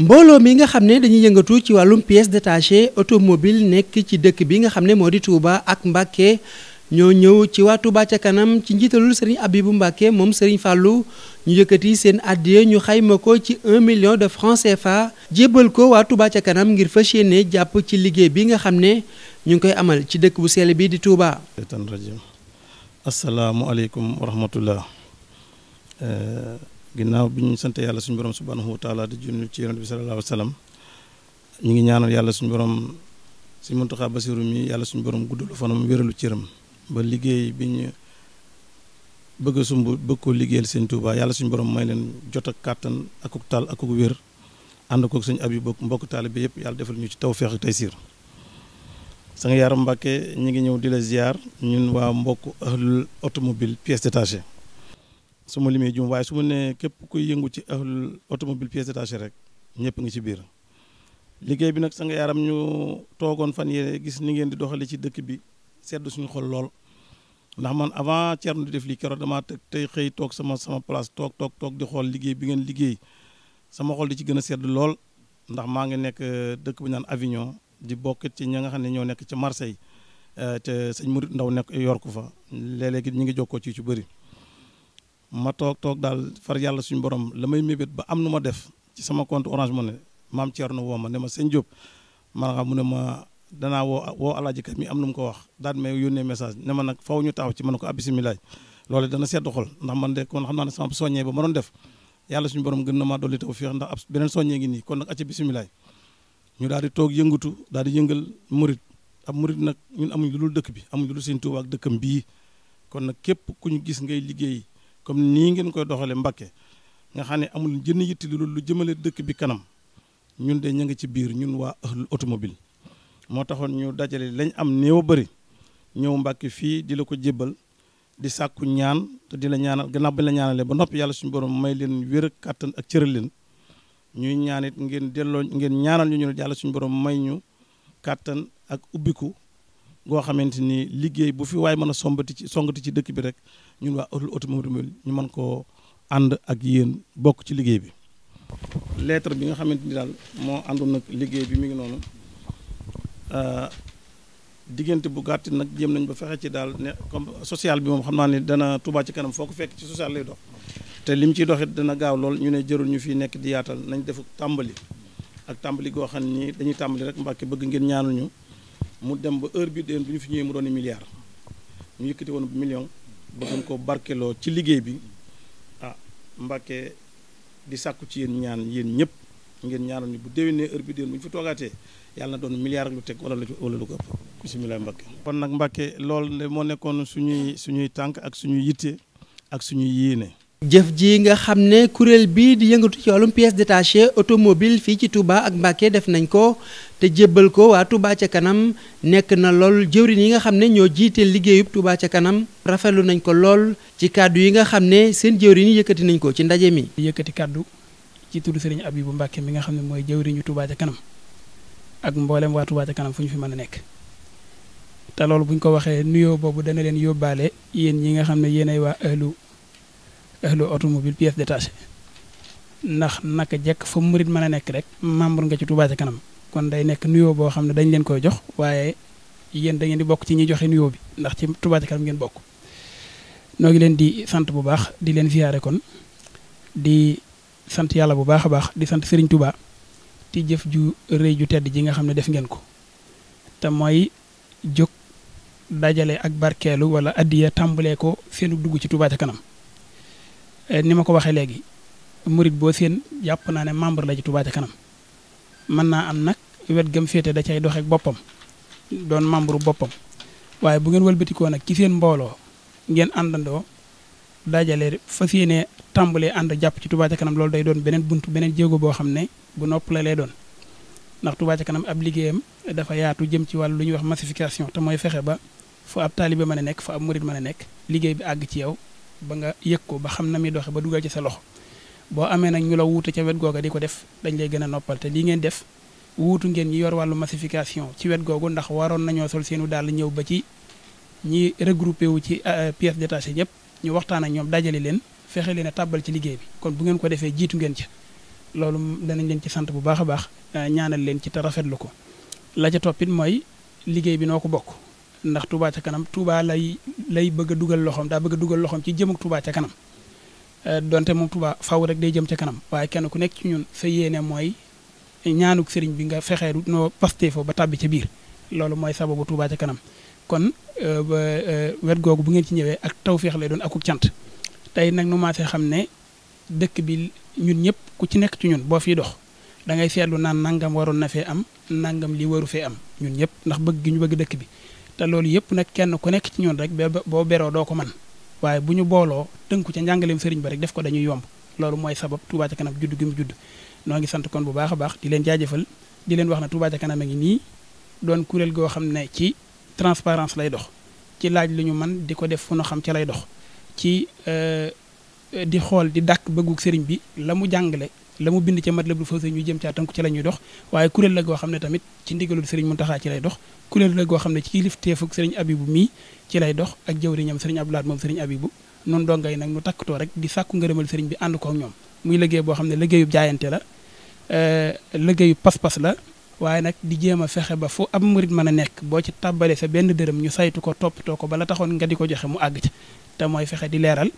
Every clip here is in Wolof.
mbooloo mi nga xam ne dañuy yëngatu ci wàllum pièces détachées automobile nekk ci dëkk bi nga xam ne moo di Touba ak Mbacké ñoo ñëw ci waatu Touba ca kanam ci njiitalul Serigne bu Mbacké moom Serigne fàllu ñu yëkkati seen addiya ñu xayma ko ci un million de francs CFA jébbal ko waa Touba ca kanam ngir fa yéene jàpp ci liggéey bi nga xam ne ñu ngi koy amal ci dëkk bu sell bi di Touba. asalaamaaleykum wa rahmatullah. Eh, ginnaaw bi ñu sante yàlla suñu borom subhanahu wa taala di junni ci yonent bi sallallahu alayhi wa sallam ñu ngi ñaanal yàlla suñu borom si Muntaxa Basiru mi yàlla suñu borom guddalu fanam wéralu cëram ba liggéey bi ñu bëgg a sumb bëgg koo liggéeyal sëñ Touba yàlla suñu borom may leen jot ak kàttan akuk taal akuk wér ànd koog suñu ab yu bokk mbokk taalibe bi yëpp yàlla defal ñu ci tawféex ak taysiir Sanga Yaaram Mbàkke ñu ngi ñëw di la ziar ñun waa mbokk ahlul automobile su ma limee juum waaye su ma nee képp kuy yëngu ci ahlul automobile pièces détachées rek ñëpp ngi ci biir liggéey bi nag sa nga yaaram ñu toogoon fan yee gis ni ngeen di doxale ci dëkk bi sedd suñu xol lool ndax man avant Thierno di def lii keroog tey xëy toog sama sama place toog toog toog di xool liggéey bi ngeen liggéey sama xol di ci gën a sedd lool ndax maa ngi nekk euh, dëkk bu naan Avignon di bokkit ci ña nga xam ne ñoo nekk ci Marseille euh, te sëñ Murit Ndaw nekk yor ko fa léeg-léegi ñu ngi jokkoo ci ci bëri ma toog toog daal far yàlla suñu borom la may mébét ba am nu ma def ci sama compte orange money maam Thierno woo ma ne ma sëñ Diop man xam mu ne ma danaa woo woo alaaji kat mi am nu mu ko wax daan may yónnee message ne ma nag faw ñu taxaw ci man ko ab ah, bisimilaay loolu dana sedd xol ndax man de kon xam naa ne sama soññee ba ma doon def yàlla suñu borom gën na maa dolli tawfiix ndax ab beneen soññee ngi nii kon nag acca bisimilaay ñu daal di toog yëngatu daal di yëngal murit ab murit nag ñun amuñ lu dëkk bi amuñ lu dul seen Tuubaa ak bii kon nag képp ku ñu gis ngay liggéey comme nii ngeen koy doxalee Mbàkke nga xam ne amul jënn yitti lu lu jëmale dëkk bi kanam ñun de ñu ngi ci biir ñun waa ëhlul automobile moo taxoon ñu dajale lañ am néew bëri ñëw Mbàkke fii di la ko jébbal di sàkku ñaan te di la ñaanal gannaaw bi la ñaanalee ba noppi yàlla suñu borom may leen wér ak kàttan ak cëral leen ñuy ñaan ngeen delloo ngeen ñaanal ñu ñu yàlla suñu borom may ñu kàttan ak ubbiku goo xamante ni liggéey bu fi waay mën a sombati ci songati ci dëkk bi rek ñun waa automobile ñu man koo ànd ak yéen bokk ci liggéey bi lettre bi nga xamante ni daal moo àndoon nag liggéey bi mi ngi noonu euh, diggante bu gàtt nag jéem nañ ba fexe ci daal ne comme social bi moom xam naa ne dana Touba ci kanam foo ko fekk ci social lay dox te lim ciy doxit dana gaaw lool ñu ne jërul ñu fii nekk di yaatal nañ def tàmbali ak tàmbali goo xam ni dañuy tàmbali rek mbàkke bëgg ngeen ñaanal mu dem ba heure bi déen bi ñu fi ñëwee mu doon milliard ñu yëkkati woon million bëggoon ko barkeloo ci liggéey bi ah Mbàkke di sàkku ci yéen ñaan yéen ñëpp ngeen ñaanoon ni bu ne heure bi déen bu ñu fi toogaatee yàlla na doon milliard lu teg wala lu wala lu ko ëpp bisimilah Mbàkke kon nag Mbàkke lool de moo nekkoon suñuy suñuy tànk ak suñuy yitte ak suñuy yéene jëf ji nga xam ne kuréel bii di yëngatu ci wàllum pièces détachées automobile fii ci Touba ak Mbacké def nañ ko te jébbal ko waa Touba ca kanam nekk na lool jëwriñ yi nga xam ne ñoo jiite liggéeyub Touba ca kanam rafetlu nañ ko lool ci kàddu yi nga xam ne seen jëwriñ yi yëkkati nañ ko ci ndaje mi. yëkkati kàddu ci tudd Serigne Abibou Mbacké mi nga xam ne mooy jëwriñu Touba ca kanam ak mboolem waa Touba ca kanam fu ñu fi mën a nekk te loolu buñ ko waxee nuyoo boobu dana leen yóbbaale yéen ñi nga xam ne yéenay waa ahlu ahlu automobile pièce détachée ndax naka jekk fa murit mën a nekk rek membre nga ci Touba ca kanam kon day nekk nuyoo boo xam ne dañ leen koy jox waaye yéen da ngeen di bokk ci ñi joxe nuyoo bi ndax ci Touba ca kanam ngeen bokk noo ngi leen di sant bu baax di leen siyaare kon di sant yàlla bu baax a baax di sant Serigne Touba ti jëf ju rëy ju tedd ji nga xam ne def ngeen ko te mooy jóg dajale ak barkeelu wala addiya tàmbalee ko seenu dugg ci Touba ca kanam Eh, ni ma ko waxee léegi murit boo seen jàpp naa ne membre la ci Touba kanam mën naa am nag wet gëm féete da cay doxeek boppam doon membre boppam waaye bu ngeen wëlbatikoo nag ci seen mbooloo ngeen àndandoo dajale fas yéene tàmbalee ànd jàpp ci Touba ca kanam loolu day doon beneen bunt beneen jéego boo xam ne bu nopp la lay doon ndax Touba ca kanam ab liggéeyam dafa yaatu jëm ci wàll lu ñuy wax massification te mooy fexe ba fu ab taalibe mën a nekk fu ab mën a nekk liggéey bi àgg ci yow ba nga yëg ko ba xam na muy doxe ba dugal ci sa loxo boo amee nag ñu la wuute ca wet googa di ko def dañ lay gën a noppal te lii ngeen def wuutu ngeen ñi yor wàllu massification ci wet googu ndax waroon nañoo sol seenu daal ñëw ba ci ñi regroupé wu ci euh, pièces détachées ñëpp ñu waxtaan ak ñoom dajale leen fexe leen a tàbbal ci liggéey bi kon bu ngeen ko defee jiitu ngeen ca loolu danañ leen ci sant bu baax a baax euh, ñaanal leen ci te rafetlu ko la ca toppit mooy liggéey bi noo ko bokk ndax Touba ca kanam tuubaa lay lay bëgg dugal loxoom daa bëgg dugal loxoom ci jëm ak Touba ca kanam euh, donte moom Touba faw rek day jëm ca kanam waaye kenn ku nekk ci ñun sa yéenee mooy ñaanuk sëriñ bi nga fexeeru noo pastee fo ba tàbbi ca biir loolu mooy sababu Touba ca kanam kon euh, ba euh, wet googu bu ngeen ci ñëwee ak taw tawféex lay doon akuk cant tey nag nu maasee xam ne dëkk bi ñun ñëpp ku ci nekk ci ñun boo fiy dox dangay ngay seetlu naan nangam waroon na fee am nangam li waru fee am ñun ñëpp ndax bëgg bëgg dëkk bi te loolu yëpp nag kenn ku nekk ci ñoon rek boo beroo doo ko man waaye bu ñu booloo tënku ca njàngaleem sëriñ ba rek def ko dañuy yomb loolu mooy sabab Touba ca kanam judd gi mu judd noo ngi sant kon bu baax a baax di leen jaajëfal di leen wax ne Touba ca kanam a ngi nii doon kuréel goo xam ne ci transparence lay dox ci laaj lu ñu man di ko def fu nu xam ca lay dox ci euh, di xool di dàkk bëggug sëriñ bi la mu jàngale la mu bind ca Matlabul Fawzayni ñu jëm caa tënku ci la ñuy dox waaye kuréel la goo xam ne tamit ci ndigalul Serigne Mountakha ci lay dox kuréel la goo xam ne ci kilifteefug Serigne Abibou mii ci lay dox ak jëwriñam Serigne Abdoulaye moom Serigne Abibou noonu dongay nag nu takkatoo rek di sàkku ngërëmal Serigne bi ànd ko ak ñoom muy liggéey boo xam ne liggéeyu jaayante la euh, liggéeyu pas-pas la waaye nag di jéem a fexe ba fu ab murit mën a nekk boo ci tàbbalee sa benn dërëm ñu saytu ko toppatoo ko bala taxoon nga di ko joxe mu àgg ca te mooy fexe di leeral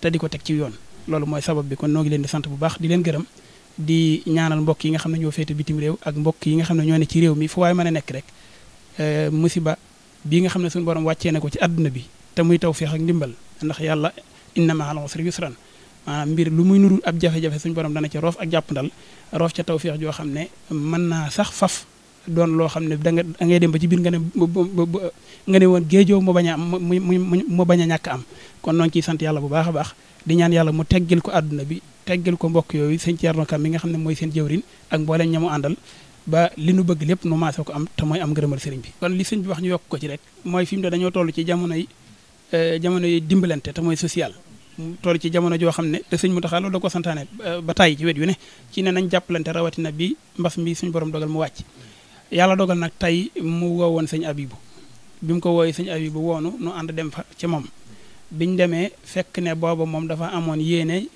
te di ko teg ci yoon loolu mooy sabab bi kon noo ngi leen di sant bu baax di leen gërëm di ñaanal mbokk yi nga xam ne ñoo féete bitim réew ak mbokk yi nga xam ne ñoo ne ci réew mi fu waaye mën a nekk rek eh, musiba bii nga xam ne suñu borom wàccee ne ko ci àdduna bi te muy taw feex ak ndimbal ndax yàlla inna ma'al usri yusran maanaam mbir lu muy nuru ab jafe-jafe suñu borom dana ci roof ak jàpp ndal roof ca taw feex joo xam ne mën naa sax faf doon loo xam ne da nga ngay dem ba ci biir nga ne nga ne woon géejoo mu bañ a am mu bañ a ñàkk am kon noon ngi ciy sant yàlla bu baax a baax di ñaan yàlla mu teggil ko àdduna bi teggil ko mbokk yooyu sëñ Thierno Kam mi nga xam ne mooy seen jëwrin ak mbooleem ñamu àndal ba li nu bëgg lépp nu maasee ko am te mooy am ngërëmal sëriñ bi kon li sëñ bi wax ñu yokk ko ci rek mooy fi mu ne dañoo toll ci jamono yi eh, jamono yi dimbalante te mooy social toll ci jamono joo xam ne te sëñ Mountakha loolu da ko santaane eh, ba tàyyi ci wet yu ne ne nañ jàppalante rawatina bi mbas mi suñu borom dogal mu wàcc yàlla dogal nag tey mu woo woon sëñ Abibu bi mu ko wooyee sëñ Abibu woonu nu ànd dem fa ci moom biñ demee fekk ne booba moom dafa amoon yéene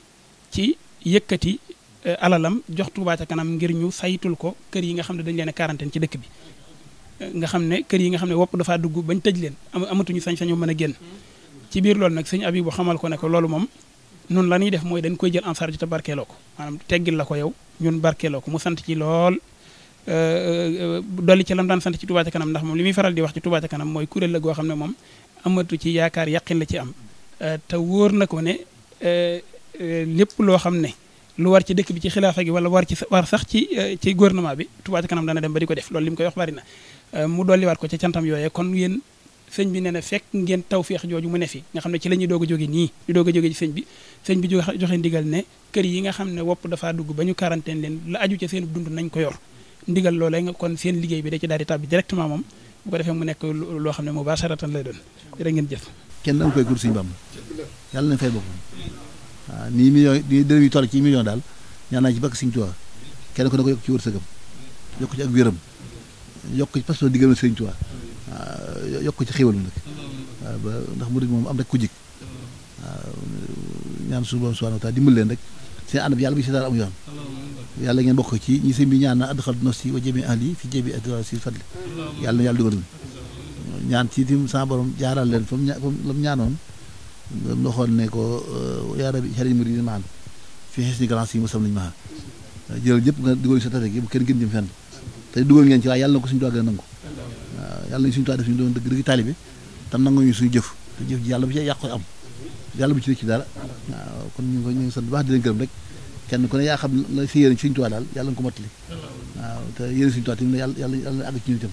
ci yëkkati eh, alalam jox Touba kanam ngir ñu saytul ko kër yi nga xam ne dañ leen a ci dëkk bi eh, nga xam ne kër yi nga xam ne wopp dafa dugg bañ tëj leen amatuñu sañ-sañu mën a génn ci biir lool nag sëñ Abibu xamal ko ne loolu moom nun la ñuy def mooy dañ koy jël en charge te barkeeloo ko maanaam teggil la ko yow ñun ko mu sant ci lool Euh, euh, euh, dolli ci lam daan sant ci Touba kanam ndax moom li muy faral di wax ci Touba kanam mooy kuréel la goo xam ne moom amatu ci yaakaar yàqin la ci am te wóor na ko ne lépp loo xam ne lu war ci dëkk bi ci xilaafa gi wala war ci war sax ci ci gouvernement bi Touba ca kanam dana dem ba di ko def loolu li mu koy wax bari na mu dolliwaat ko ca cantam yooyee kon yéen sëñ bi nee na fekk ngeen tawféex jooju mu ne fi nga xam ne ci la ñuy doog jóge nii di doog joge ci sëñ bi sëñ bi joxe ndigal ne kër yi nga xam ne dafaa dugg ba ñu quarantaine leen la aju ca seen dund nañ ko yor ndigal loolee nga kon seen liggéey bi da ci daal di tàbbi directement moom bu defee mu nekk loo xam ne mu baasaratan lay doon jërë ngeen jëf. kenn dañ koy gur suñu bam yàlla nañ fay boppam waaw nii million nii dërëm yi toll ci million daal ñaan naa ci bakk Sëriñ ko yokk ci wërsëgam yokk ci ak wéram yokk ci parce que diggam ba ndax murid moom am rek ku jik waaw ñaan suñu borom subhaanahu wa dimbal leen rek seen ànd bi yàlla bi si yoon yàlla ngeen bokk ci ñi sëñ bi ñaan na adxal nafsi wa jami ahli fi jabi si fadli yàlla na yàlla dugal na ñaan ci tim sa borom jaaral leen fa mu ñaanoon mu ne ko euh, yaa bi xarit mu di maan fi xes ni galance yi mosam a maa jëlal ñëpp nga dugal sa tafek yi bu kenn gën jëm fenn te dugal ngeen ci waaye yàlla na ko suñu doog a nangu waaw yàlla nañu suñu toog def ñu doon dëgg dëgg taalibe tam nangu ñu suñu jëf te jëf ji yàlla bu ci yàqu am yàlla bu ci nekk ci kon ñu ngi sant baax di leen kenn ku ne yaa xam la si yéen Sëriñ Tuubaa daal yàlla nga ko mottali waaw te yéen Sëriñ Tuubaa tamit yàlla yàlla yàlla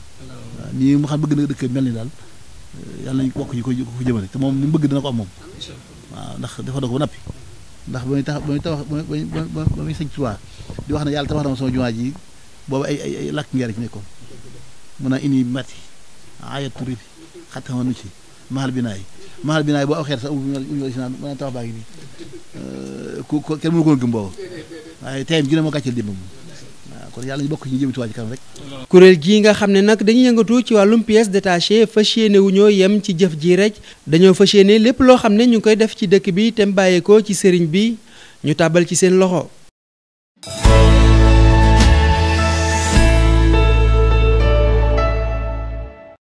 nii mu xam bëgg na dëkk mel ni daal eh, yàlla nañ bokk ñu ko ko jëmale te moom ni mu bëgg dana ko am moom waaw ndax dafa ko ba nappi ndax ba muy tax ba muy tabax ba muy sëñ Tuubaa di wax na yàlla tabax na ma sama jumaa ji boobu ay ay ay làkk ngeer ci nekkoon mun a indi matti ayatu ribi xattama nu ci mahal binaay mahal binaay boo aw xeet sax uñu si naan mën a tax baa ngi nii euh, ku kenn mënu koon gëm boobu waaye teyam gina moo gàcceel démb moom kon yàlla ñu bokk ñu jëm ci rek kuréel gii nga xam ne nag dañuy yëngatu ci wàllum pièces détachées fa yéene wu ñoo yem ci jëf ji rek dañoo fas yéene lépp loo xam ne ñu ngi koy def ci dëkk bi te mu bàyyeekoo ci sëriñ bi ñu tàbbal ci seen loxo